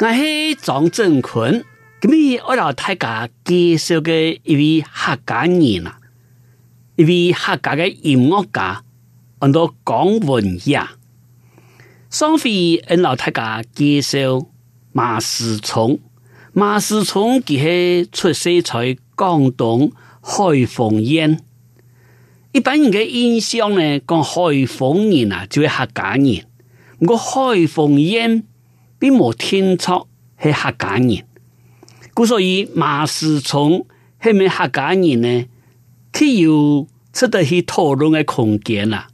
我係張振坤，今日我老太家介紹嘅一位客家人啊，一位客家的音樂家，好多江文也。上回我老太家介紹馬思聰，馬思聰佢係出生在廣東海豐縣，一般人的印象呢講海豐人啊就係客家人，我海豐人。並無天促係客家人，故所以馬思聰係咪客家人呢？佢要出得去討論嘅空間啦。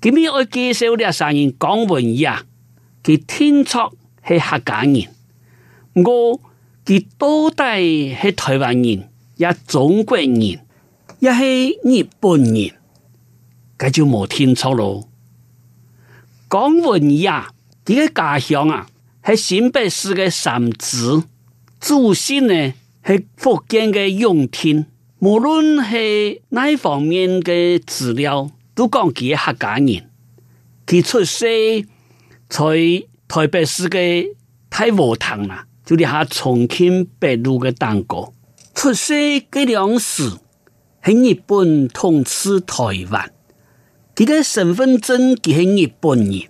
咁樣我介紹啲聲音江文也，佢天促係客家人，我佢到底係台灣人、也中國人、也係日本人，佢就冇天促咯。江文也。佢嘅家鄉啊，係新北市的三芝，祖先呢係福建的永田，無論係哪一方面的資料，都講佢係客家人。佢出世在台北市嘅太和堂啦，就離下重慶北路嘅蛋糕。出世嘅糧食係日本統治台灣，佢嘅身份證係日本人。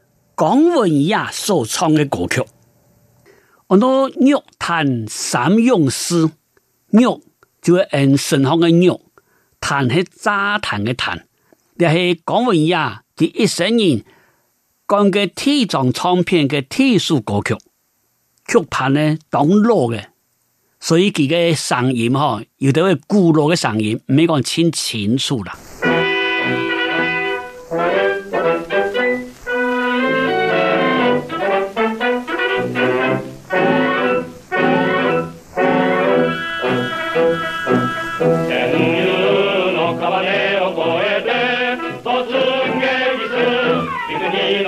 江文也所唱的歌曲，很多肉彈三勇士，肉就會肉身上的肉，彈係炸彈的彈，但是江文也第一聲音講嘅帝蓄唱片給特殊歌曲，曲盤呢咚落的。所以佢個嗓音吼、哦，有點會古老的嗓音，沒敢人聽清楚啦。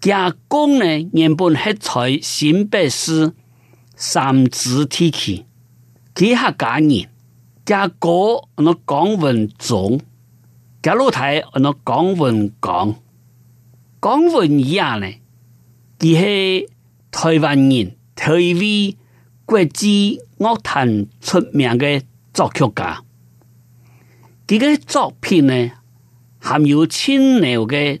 佢公呢原本係在新北市三芝地區，佢係客家人，佢哥呢叫文鍾，佢老弟呢叫文光，江文也一樣呢。佢係台灣人，台灣國際樂壇出名嘅作曲家。佢嘅作品呢，含有千鳥嘅。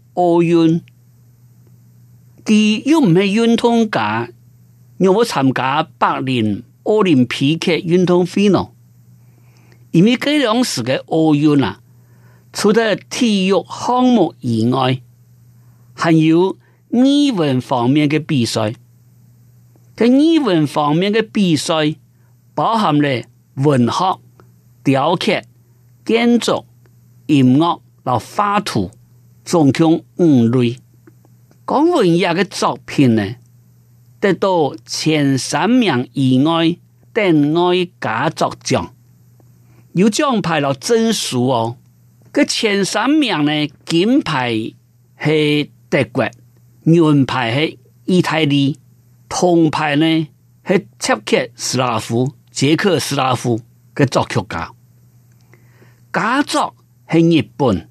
奧運，佢又唔係運動家，又冇參加百年奧林匹克運動會咯。因為嗰兩時的奧運啊，除咗體育項目以外，還有語文方面的比賽。喺語文方面的比賽包含咧文學、雕刻、建築、音樂、然後畫圖。總共五類，講文藝的作品呢，得到前三名以外，得愛佳作獎，有獎牌嚟證書哦。佢前三名呢，金牌係德國，銀牌係意大利，銅牌呢係捷克斯拉夫、捷克斯拉夫的作曲家，佳作是日本。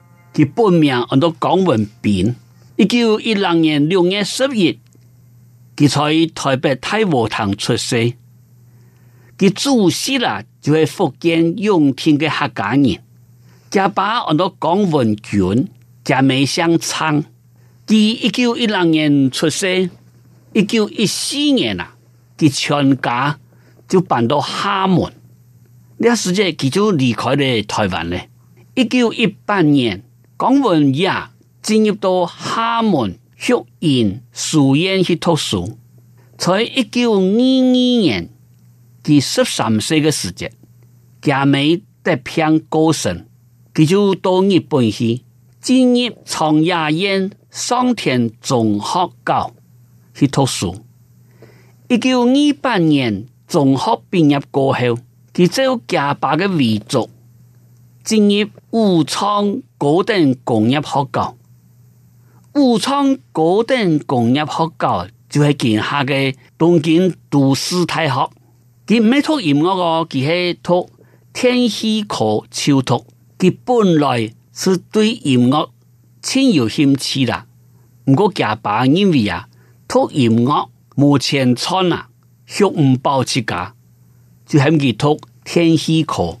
佢本名我叫江文斌，一九一零年六月十日，佢在台北太和堂出生。佢祖籍啦，就係福建永田的客家人，家爸我叫江文俊，家妹姓倉。喺一九一零年出生，一九一四年啦、啊，佢全家就搬到廈門。呢個時間佢就離開了台灣咧。一九一八年。江文也，進入到廈門旭瀛書院去讀書。在一九二二年，第十三歲的時節，家美得偏高聲，佢就到日本去，進入長野縣上田中學校去讀書。一九二八年中學畢業過後，佢做家伯嘅遺囑。進入武昌高等工業學校，武昌高等工業學校就係今日的東京都市大學。佢唔係讀音樂的，佢係讀電氣科朝托。佢本來是對音樂頗有興趣的，不過佢爸認為啊，讀音樂冇前途啊，學唔包出個，就係佢讀電氣科。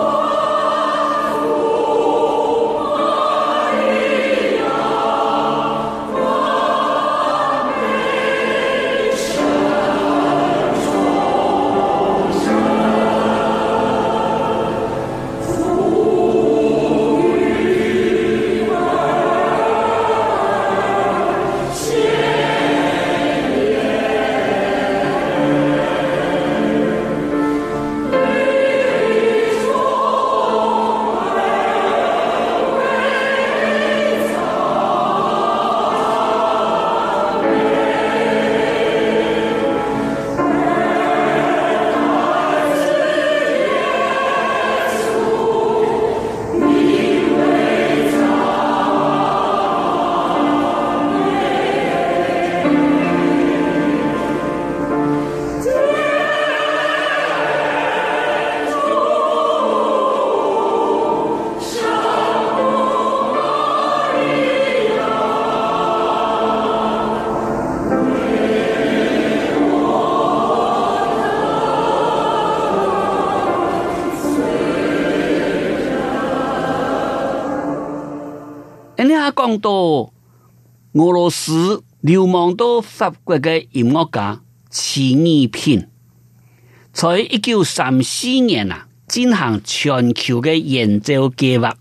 俄羅斯流亡到法國的音樂家齊尼平，在一九三四年啊，進行全球的演奏計劃，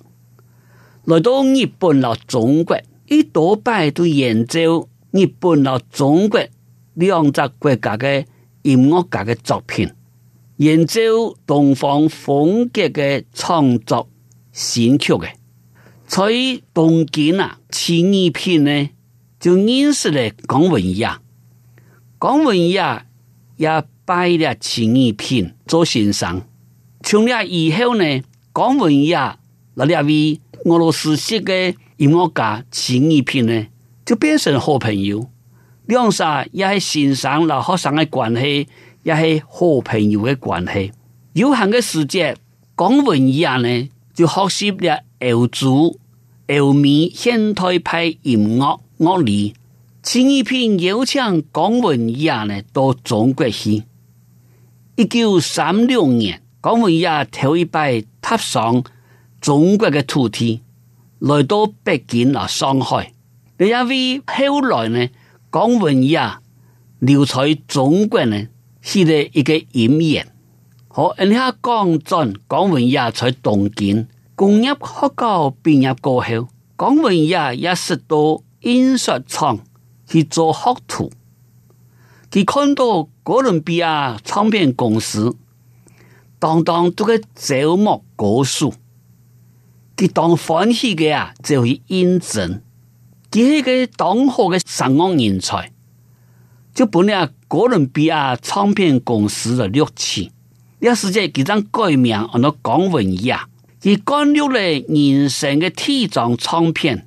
來到日本和中國，一多半都研究日本和中國兩隻國家的音樂家的作品，研究東方風格的創作新曲嘅，在東京啊，齊尼平呢，就認識了江文也，江文也也拜了齊爾品做先生。從那以後呢，江文也那位俄羅斯籍的音樂家齊爾品呢，就變成了好朋友。兩儕也係先生，和學生的關係，也係好朋友的關係。有限的時節，江文也呢就學習了歐洲、歐美現代派音樂。我你前一篇有講江文也呢到中國去，一九三六年江文也頭一擺踏上中國嘅土地，來到北京、啊、上海。因為後，後來呢江文也留在中國呢係一個演員，好人家抗戰，江文也在東京工業學校畢業過後，江文也也十多。印刷廠去做學徒，佢看到哥倫比亞唱片公司當當都嘅招募高手，佢當歡喜嘅啊就去應徵，佢係個當好嘅上網人才，就本啊哥倫比亞唱片公司的錄取，要時間佢將改名阿諾江文也，啊，佢干溜嚟人生嘅第一張唱片。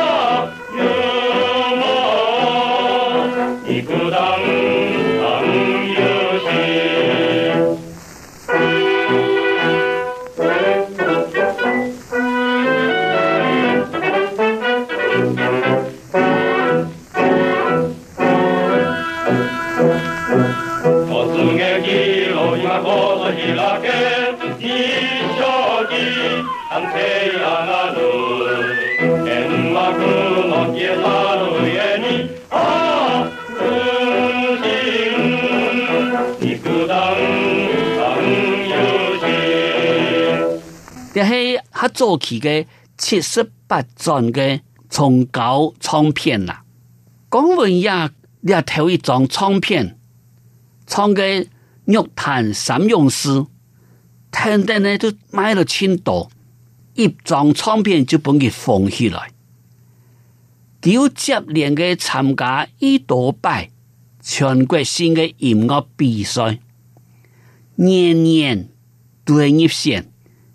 他做起的七十八轉的重稿唱片啊，江文也頭一張唱片，唱嘅《玉潭三勇士》，聽得呢都買了青島，一張唱片就幫佢放起來，只有接連的參加一多擺全國性的音樂比賽，年年都係入選。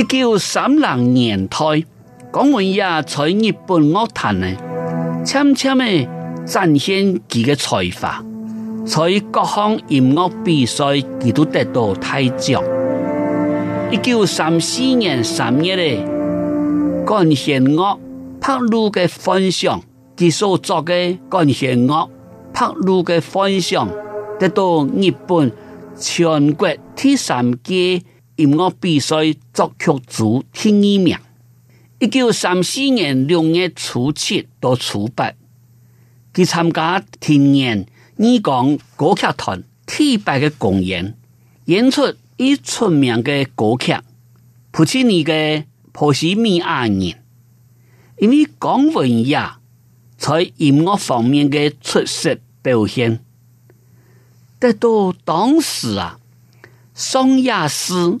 一九三零年代，江文也在日本樂壇呢，悄悄呢展現佢嘅才華，在各方音樂比賽佢都得到大獎。一九三四年三月呢，鋼琴樂拍路嘅方向，佢所作嘅鋼琴樂拍路嘅方向得到日本全國第三嘅。音樂比賽作曲組第一名，一九三四年六月初七到初八，去參加聽年爾港歌劇團舉辦的公演，演出以出名的歌劇《普契尼嘅波西米亞人》，因為江文也，在音樂方面嘅出色表現，得到當時啊，松亞斯。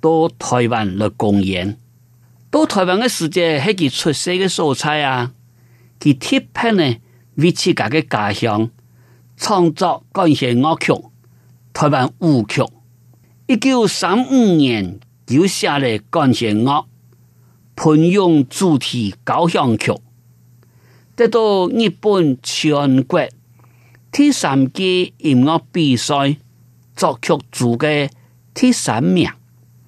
到台灣嚟公演，到台灣的世界，係佢出色的素材啊！佢鐵片呢，為自己的家鄉，創作鋼琴樂曲，台灣舞曲。一九三五年，就寫嚟鋼琴樂，運用主題交響曲，得到日本全國第三屆音樂比賽作曲組嘅第三名。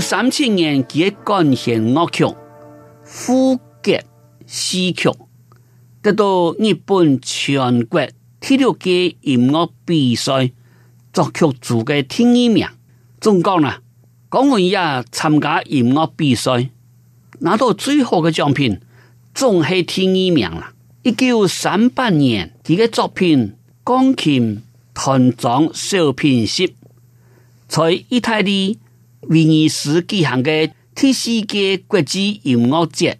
三七年其，佢嘅鋼琴樂曲《富格》、《西曲》，得到日本全國第六屆音樂比賽作曲組嘅第一名。中國啦，江文也參加音樂比賽，拿到最後嘅獎品，仲係第一名啦。一九三八年，佢嘅作品《鋼琴團長小品集》在意大利威尼斯舉行嘅第四屆國際音樂節，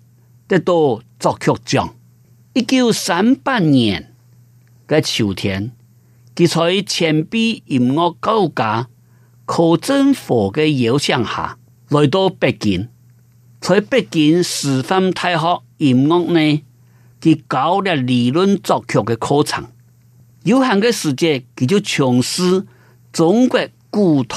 得到作曲獎。一九三八年嘅秋天，佢在前輩音樂高架，靠政府嘅邀請下嚟到北京。在北京師範大學音樂呢，佢搞咗理論作曲嘅課程。有限嘅時間，佢就從事中國古代。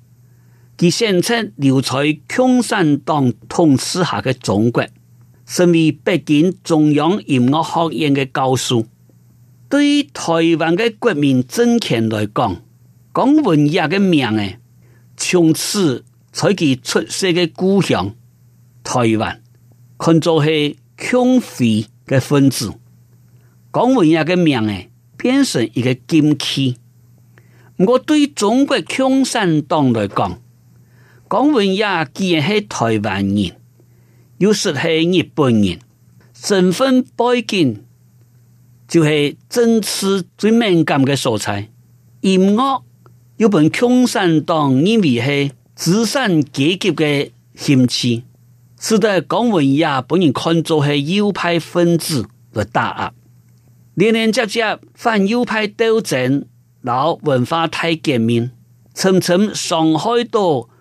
佢生出留喺共產黨統治下的中國，身為北京中央音樂學院的教授，對於台灣的國民政權來講，江文也的名呢，從此在其出生的故鄉台灣，看作是共匪的分子，江文也的名呢，變成一個禁區。毋過對中國共產黨來講。江文也，既然係台灣人，又說係日本人，成份背景就係政治最敏感嘅所在，音樂有本共產黨，認為係資產階級嘅興趣，使得江文也本人看作係右派分子嘅打壓，連連接接反右派鬥爭，然文化大革命，層層傷害到。